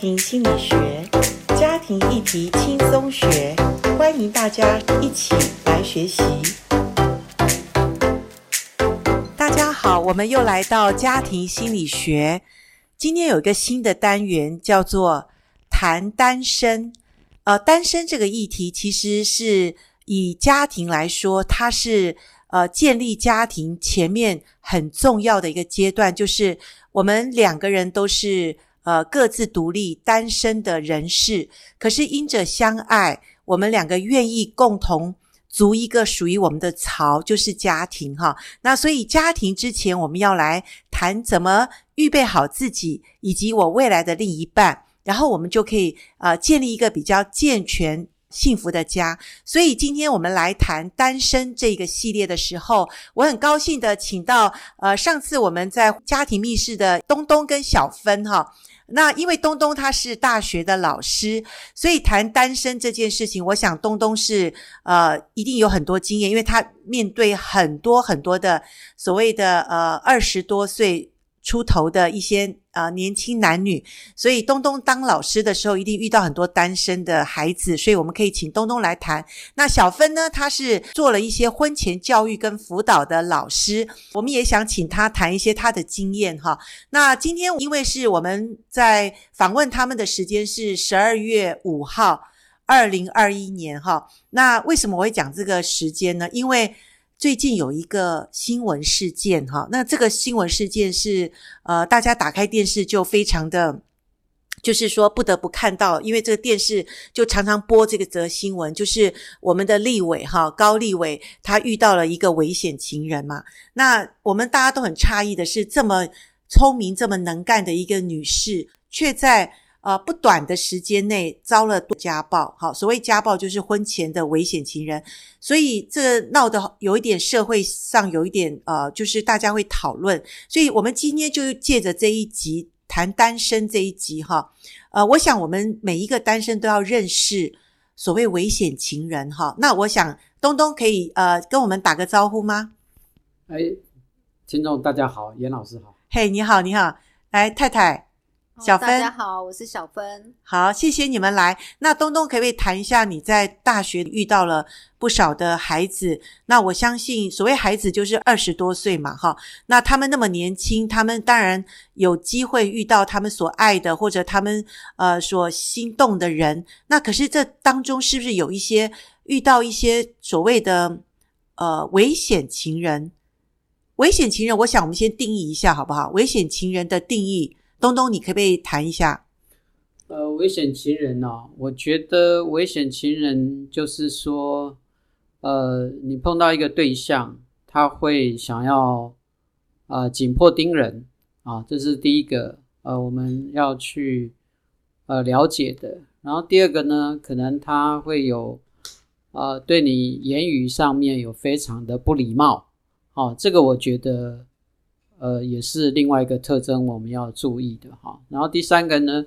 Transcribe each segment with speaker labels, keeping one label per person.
Speaker 1: 聽心理學，家庭議題輕鬆學，歡迎大家一起來學習。大家好，我們又來到家庭心理學。今天有一個新的單元，叫做談單身。呃，單身這個議題，其實是以家庭來說，它是呃建立家庭前面很重要的一個階段，就是我們兩個人都是。呃，各自獨立單身的人士，可是因着相愛，我們兩個願意共同築一個屬於我們的巢，就是家庭哈。那所以家庭之前，我們要來談怎麼預備好自己，以及我未來的另一半，然後我們就可以呃建立一個比較健全、幸福的家。所以今天我們來談單身這個系列的時候，我很高興的請到呃上次我們在家庭密室的東東跟小芬哈。那因為東東他是大學的老師，所以談單身這件事情，我想東東是呃一定有很多經驗，因為他面對很多很多的所謂的呃二十多歲。出頭的一些啊、呃、年輕男女，所以東東當老師的時候一定遇到很多單身的孩子，所以我們可以請東東來談。那小芬呢，她是做了一些婚前教育跟輔導的老師，我們也想請她談一些她的經驗哈。那今天因為是我們在訪問他們的時間是十二月五號，二零二一年哈。那為什麼我會講這個時間呢？因為最近有一個新聞事件哈，那這個新聞事件是呃，大家打開電視就非常的，就是說不得不看到，因為這個電視就常常播這個則新聞，就是我們的立委哈，高立委，他遇到了一個危險情人嘛。那我們大家都很詫異的是，這麼聰明、這麼能幹的一個女士，卻在。呃，不短的時間內遭了家暴，好，所謂家暴就是婚前的危險情人，所以這鬧得有一點社會上有一點呃，就是大家會討論，所以我們今天就借着這一集談單身這一集哈，呃，我想我們每一個單身都要認識所謂危險情人哈，那我想東東可以呃跟我們打個招呼嗎？哎，聽
Speaker 2: 眾大家好，
Speaker 1: 延老師好，嘿，Hey，你好，你好，來太太。小芬，大家好，
Speaker 3: 我是小芬。
Speaker 1: 好，謝謝你們來。那東東，可不可以談一下你在大學遇到了不少的孩子？那我相信，所謂孩子就是二十多歲嘛，齁。那他們那麼年輕，他們當然有機會遇到他們所愛的，或者他們呃所心動的人。那可是這當中是不是有一些遇到一些所謂的呃危險情人？危險情人，我想我們先定義一下，好不好？危險情人的定義。東東，你可不可以談一下。
Speaker 2: 呃，危險情人呢，哦，我覺得危險情人就是說，呃，你碰到一個對象，他會想要，呃，緊迫盯人啊，這是第一個，呃，我們要去呃了解的。然後第二個呢，可能他會有，呃，對你言語上面有非常的不禮貌，哦，啊，這個我覺得。呃，也是另外一個特徵，我們要注意的哈。然後第三個呢，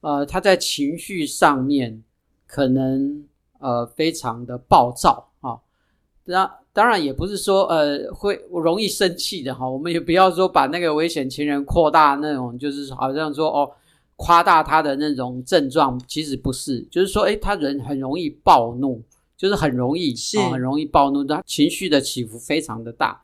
Speaker 2: 呃，他在情緒上面可能呃非常的暴躁哈、哦。那當然也不是說呃會容易生氣的哈。我們也不要說把那個危險情人擴大那種，就是好像說哦，誇大他的那種症狀，其實不是，就是說誒他人很容易暴怒，就是很容易是、哦，很容易暴怒，他情緒的起伏非常的大。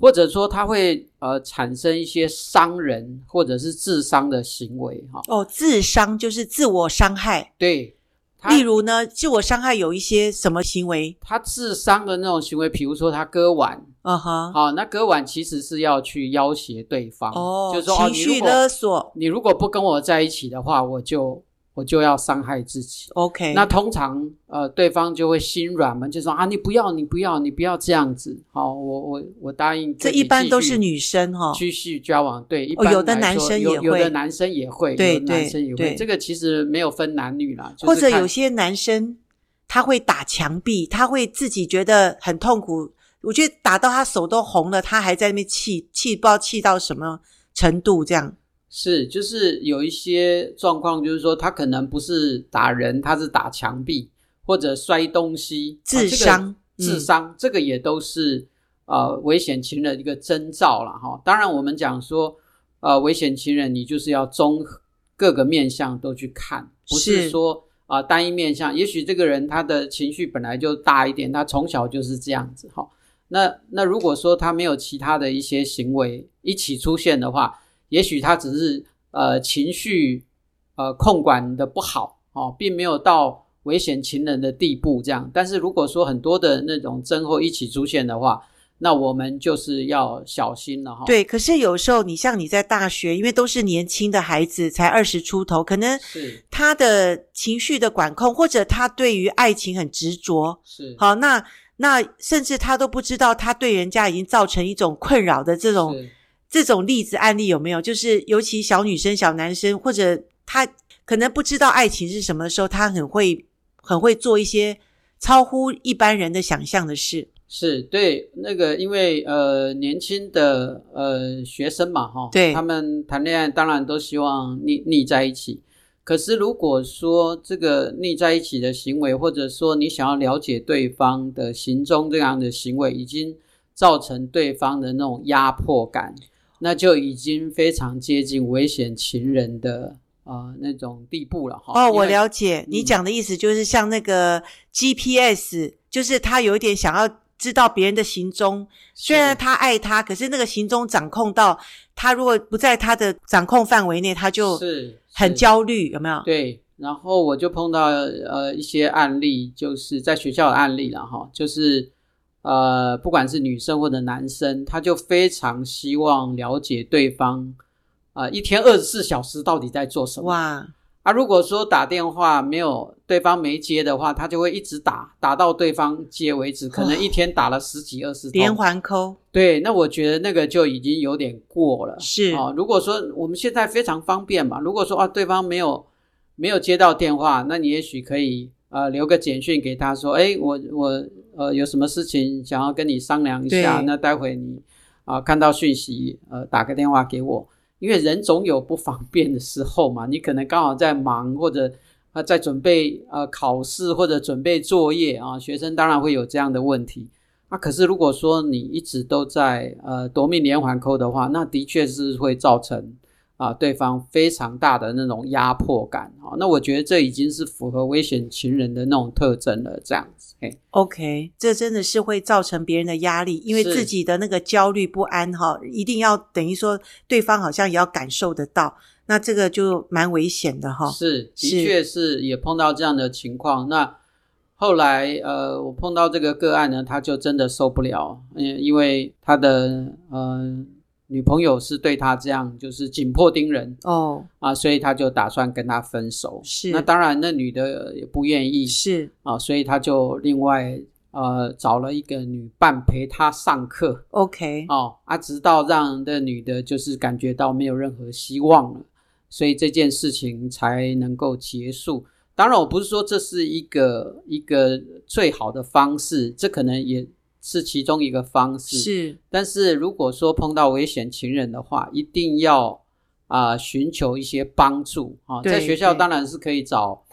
Speaker 2: 或者說他會呃產生一些傷人或者是自傷的行為哈。哦，oh,
Speaker 1: 自傷就是自我傷害。對。他，例如呢，自我傷害有一些什麼行為？他自傷的那種行為，比如說他割腕。嗯哼。好，那割腕其
Speaker 2: 實是要去要挾對方。哦，oh。就是說，情緒勒索。哦，你。你如果不跟我在一起的話，我就。我就要傷害自己。OK，那通常呃，對方就會心軟嘛，就說，啊，你不要，你不要，你不要這樣子。好，我我我答應。這一般都是女生哈，哦，繼續交往。對，有的男生也有的男生也會，有，有的男生也會，對，男生也會，對，對。這個其實沒有分男女啦，就是。或者有
Speaker 1: 些男生他會打牆壁，他會自己覺得很痛苦。我覺得打到他手都紅了，他還在那邊氣氣，不知道氣到什麼程度這樣。
Speaker 2: 是，就是有一些狀況，就是說他可能不是打人，他是打牆壁或者摔東西，自傷，自、啊、傷、這個嗯，這個也都是呃危險情人的一個徵兆啦哈。當然，我們講說呃危險情人，你就是要綜合各個面向都去看，不是說啊、呃、單一面向。也許這個人他的情緒本來就大一點，他從小就是這樣子。吼，那那如果說他沒有其他的一些行為一起出現的話。也許他只是呃情緒呃控管的不好哦，並沒有到危險情人的地步這樣。但是如果說很多的那種症候一起出現的話，那我們就是要小心了哈哦。對，
Speaker 1: 可是有時候你像你在大學，因為都是年輕的孩子，才二十出頭，可能是他的情緒的管控，或者他對於愛情很執着，是好那那甚至他都不知道，他對人家已經造成一種困擾的這種。這種例子案例有沒有？就是尤其小女生、小男生，或者他可能不知道愛情是什麼時候，他很會、很會做一些超乎一般人的想象的事。
Speaker 2: 是對那個，因為呃，年輕的呃學生嘛，哈、哦，對，他們談戀愛當然都希望膩膩在一起。可是如果說這個膩在一起的行為，或者說你想要了解對方的行蹤這樣的行為，已經造成對方的那種壓迫感。那就已經非常接近危險情人的啊、呃、那種地步了哈。哦，我了
Speaker 1: 解、嗯、你講的意思，就是像那個 GPS，就是他有一點想要知道別人的行蹤，雖然他愛他，可是那個行蹤掌控到他如果不在他的掌控範圍內，他就很焦慮，焦慮有沒
Speaker 2: 有？對。然後我就碰到呃一些案例，就是在學校的案例了哈，就是。呃，不管是女生或者男生，他就非常希望了解對方，啊、呃，一天二十四小時到底在做什麼？哇！啊，如果說打電話沒有對方沒接的話，他就會一直打，打到對方接為止，可能一天打了十幾二十通。連環扣。對，那我覺得那個就已經有點過了。是哦、啊，如果說我們現在非常方便嘛，如果說啊，對方沒有沒有接到電話，那你也許可以呃留個簡訊給他說，哎，我我。呃，有什麼事情想要跟你商量一下，那待會你啊、呃、看到訊息，呃，打個電話給我，因為人總有不方便的時候嘛。你可能剛好在忙，或者啊、呃、在準備呃考試或者準備作業啊，學生當然會有這樣的問題。那、啊、可是如果說你一直都在呃奪命連環扣的話，那的確是會造成。啊，對方非常大的那種壓迫感啊，那我覺得這已經是符合危險情人的那種特徵了，這樣
Speaker 1: 子，嘿。OK，這真的是會造成別人的壓力，因為自己的那個焦慮不安哈，一定要等於說對方好像也要感受得到，那這個就蠻危險的哈。是，的確
Speaker 2: 是也碰到這樣的情況。那後來呃，我碰到這個個案呢，他就真的受不了，因為他的呃。女朋友是對他這樣，就是緊迫盯人哦。Oh. 啊，所以他就打算跟他分手。是，那當然，那女的也不願意。是啊，所以他就另外呃找了一個女伴陪他上課。OK，哦啊，直到讓那女的就是感覺到沒有任何希望了，所以這件事情才能夠結束。當然，我不是說這是一個一個最好的方式，這可能也是其中一個方式，是。但是如果說碰到危險情人的話，一定要啊、呃、尋求一些幫助啊、哦。在學校當然是可以找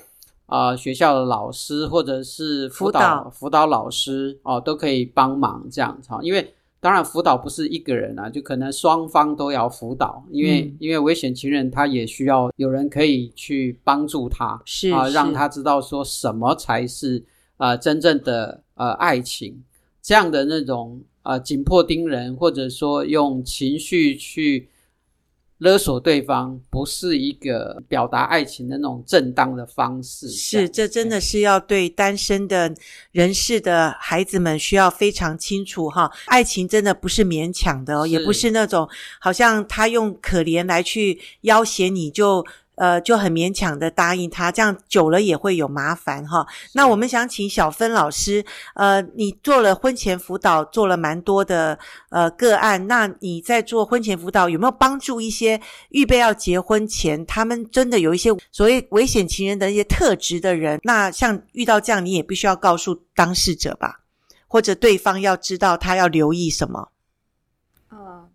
Speaker 2: 啊、呃、學校的老師或者是輔導輔導，輔導老師哦都可以幫忙這樣子啊、哦。因為當然輔導不是一個人啊，就可能雙方都要輔導，因為、嗯、因為危險情人他也需要有人可以去幫助他，是啊、哦，讓他知道說什麼才是啊、呃、真正的呃愛情。這樣的那種啊，呃、緊迫盯人，或者說用情緒去勒索對方，不是一個表達愛情的那種正當的方
Speaker 1: 式。是，這真的是要對單身的人士的孩子們需要非常清楚哈，愛情真的不是勉強的哦，也不是那種好像他用可憐來去要挾你就。呃，就很勉強的答應他，這樣久了也會有麻煩哈。那我們想請小芬老師，呃，你做了婚前輔導，做了蠻多的呃個案，那你在做婚前輔導有沒有幫助一些預備要結婚前他們真的有一些所謂危險情人的一些特質的人？那像遇到這樣，你也必須要告訴當事者吧，或者對方要知道他要留意什麼？嗯，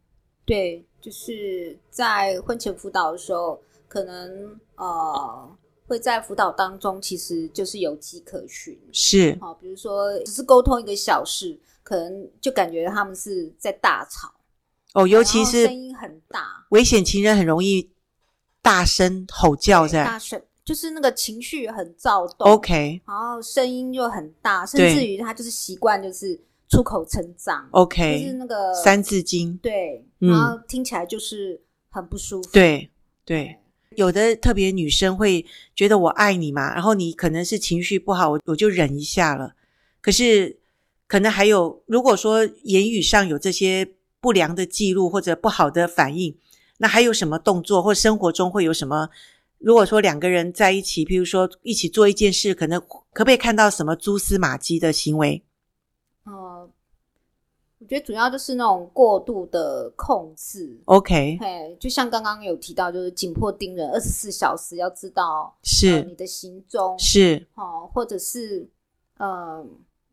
Speaker 3: 對，就是在婚前輔導的時候。可能呃，會在輔導當中，其實就是有跡可循，是哈。比如說，只是溝通一個小事，可能就感覺他們是在大吵
Speaker 1: 哦，尤其是聲音很大。危險情人很容易大聲吼叫，在大
Speaker 3: 聲就是那個情緒很躁動。OK，然後聲音又很大，甚至於他就是習慣就是出口成髒。OK，就是那個三字經。對、嗯，然後聽起來就是很不舒服。對，
Speaker 1: 對。有的特別女生會覺得我愛你嘛，然後你可能是情緒不好，我我就忍一下了。可是可能還有，如果說言語上有這些不良的記錄或者不好的反應，那還有什麼動作或生活中會有什麼？如果說兩個人在一起，譬如說一起做一件事，可能可不可以看到什麼蛛絲馬跡的行為？
Speaker 3: 我覺得主要就是那種過度的控制。OK，對，就像剛剛有提到，就是緊迫盯人，二十四小時要知道是、呃、你的行蹤，是哦、呃，或者是呃，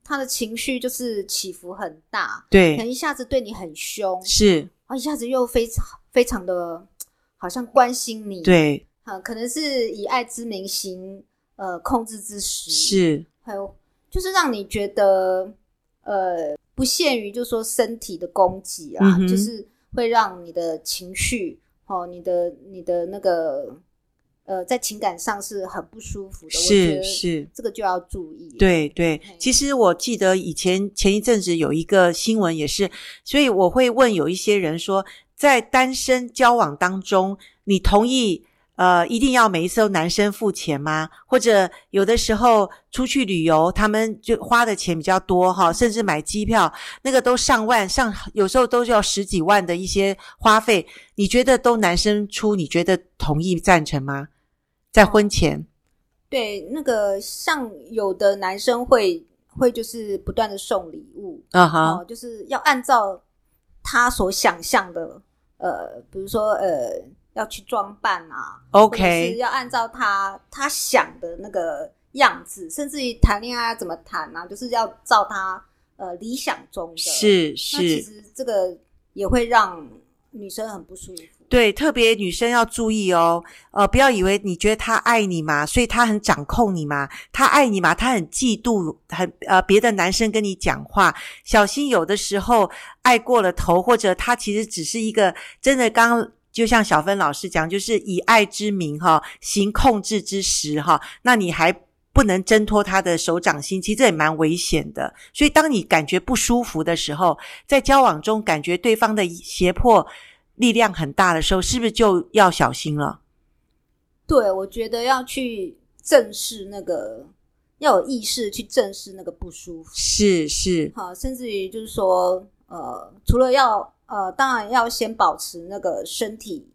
Speaker 3: 他的情緒就是起伏很大，對，可能一下子對你很兇，是啊、呃，一下子又非常非常的，好像關心你，對、呃，可能是以愛之名行，呃，控制之實，是，還有、呃、就是讓你覺得呃。不限於就是說身體的攻擊啊，嗯，就是會讓你的情緒、哦、你的你的那個呃，在情感上是很不舒服的。是是，這個就要注意。
Speaker 1: 對對，其實我記得以前前一陣子有一個新聞也是，所以我會問有一些人說，在單身交往當中，你同意。呃，一定要每一次都男生付錢嗎？或者有的時候出去旅遊，他們就花的錢比較多哈，甚至買機票那個都上萬上，有時候都是要十幾萬的一些花費。你覺得都男生出？你覺得同意贊成嗎？在婚前？
Speaker 3: 對，那個像有的男生會會就是不斷的送禮物啊哈，uh-huh. 呃，就是要按照他所想象的。呃，比如說，呃，要去裝扮啊，OK，其實要按照他他想的那個樣子，甚至於談戀愛要怎麼談啊，就是要照他呃理想中的。是是，那其實這個也會讓。女生很不舒服，
Speaker 1: 對，特別女生要注意哦，呃，不要以為你覺得他愛你嘛，所以他很掌控你嘛，他愛你嘛，他很嫉妒，很呃別的男生跟你講話，小心有的時候愛過了頭，或者他其實只是一個真的剛，就像小芬老師講，就是以愛之名哈，行控制之實哈，那你還。不能掙脫他的手掌心，其實這也蠻危險的。所以，當你感覺不舒服的時候，在交往中感覺對方的脅迫力量很大的時候，是不是就要小心了？
Speaker 3: 對，我覺得要去正視那個，要有意識去正視那個不舒服。
Speaker 1: 是是，
Speaker 3: 好，甚至於就是說，呃，除了要，呃，當然要先保持那個身體，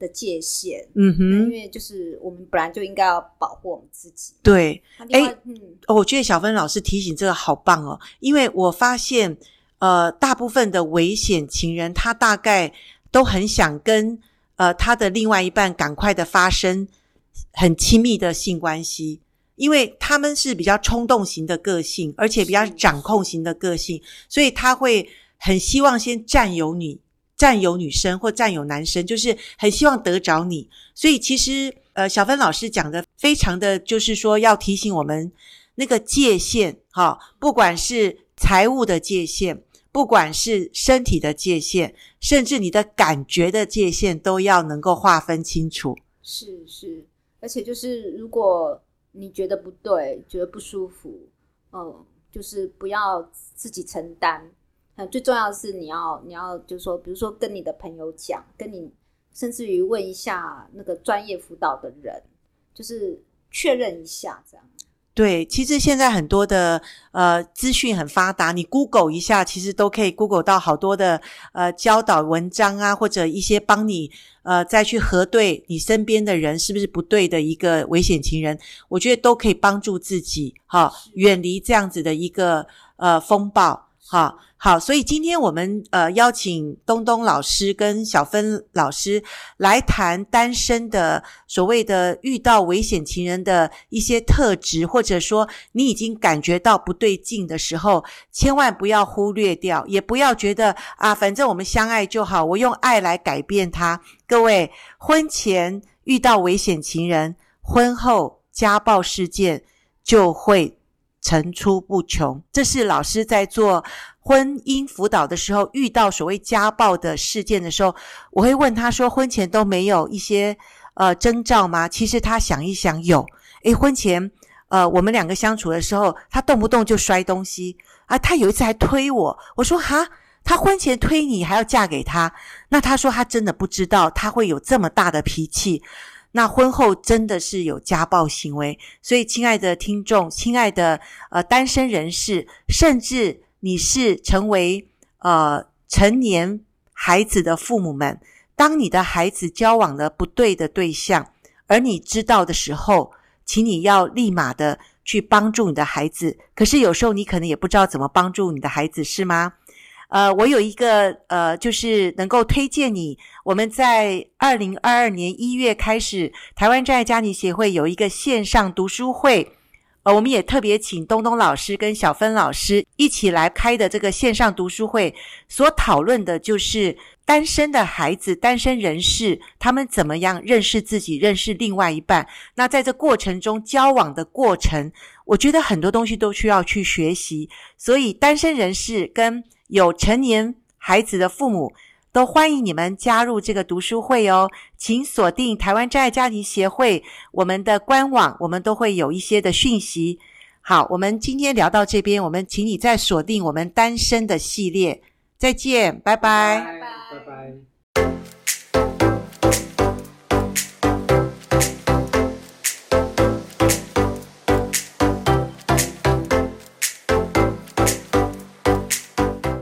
Speaker 3: 的界限，嗯哼，因為就是我們本來就應該要保護我們自己。
Speaker 1: 對，因為、欸嗯，我覺得小芬老師提醒這個好棒哦，因為我發現，呃，大部分的危險情人他大概都很想跟呃他的另外一半趕快的發生很親密的性關係，因為他們是比較衝動型的個性，而且比較掌控型的個性，所以他會很希望先占有你。佔有女生或佔有男生，就是很希望得着你。所以其實，呃，小芬老師講的非常的，就是說要提醒我們那個界限，哈、哦，不管是財務的界限，不管是身體的界限，甚至你的感覺的界限，都要能夠劃分清楚。
Speaker 3: 是是，而且就是如果你覺得不對，覺得不舒服，嗯，就是不要自己承擔。最重要的是，你要你要就是說，比如說跟你的朋友講，跟你甚至於問一下那個專業輔導的人，就是確認一下這樣。
Speaker 1: 對，其實現在很多的呃資訊很發達，你 Google 一下，其實都可以 Google 到好多的呃教導文章啊，或者一些幫你呃再去核對你身邊的人是不是不對的一個危險情人，我覺得都可以幫助自己哈，遠離這樣子的一個呃風暴。好好，所以今天我們呃邀請東東老師跟小芬老師來談單身的所謂的遇到危險情人的一些特質，或者說你已經感覺到不對勁的時候，千萬不要忽略掉，也不要覺得啊，反正我們相愛就好，我用愛來改變他。各位，婚前遇到危險情人，婚後家暴事件就會。層出不窮，這是老師在做婚姻輔導的時候遇到所謂家暴的事件的時候，我會問他說：“婚前都沒有一些呃徵兆嗎？”其實他想一想有。誒，婚前呃我們兩個相處的時候，他動不動就摔東西啊，他有一次還推我。我說哈，他婚前推你還要嫁給他？那他說他真的不知道他會有這麼大的脾氣。那婚後真的是有家暴行為，所以親愛的聽眾，親愛的呃單身人士，甚至你是成為呃成年孩子的父母們，當你的孩子交往了不對的對象，而你知道的時候，請你要立馬的去幫助你的孩子。可是有時候你可能也不知道怎麼幫助你的孩子，是嗎？呃，我有一個呃，就是能夠推薦你，我們在二零二二年一月開始，台灣真愛家庭協會有一個線上讀書會，呃，我們也特別請東東老師跟小芬老師一起來開的這個線上讀書會，所討論的就是單身的孩子、單身人士他們怎麼樣認識自己、認識另外一半，那在這過程中交往的過程，我覺得很多東西都需要去學習，所以單身人士跟有成年孩子的父母都歡迎你們加入這個讀書會哦，請鎖定台灣真愛家庭協會我們的官網，我們都會有一些的訊息。好，我們今天聊到這邊，我們請你再鎖定我們單身的系列。再見，拜拜，拜拜，拜拜。拜拜。拜拜。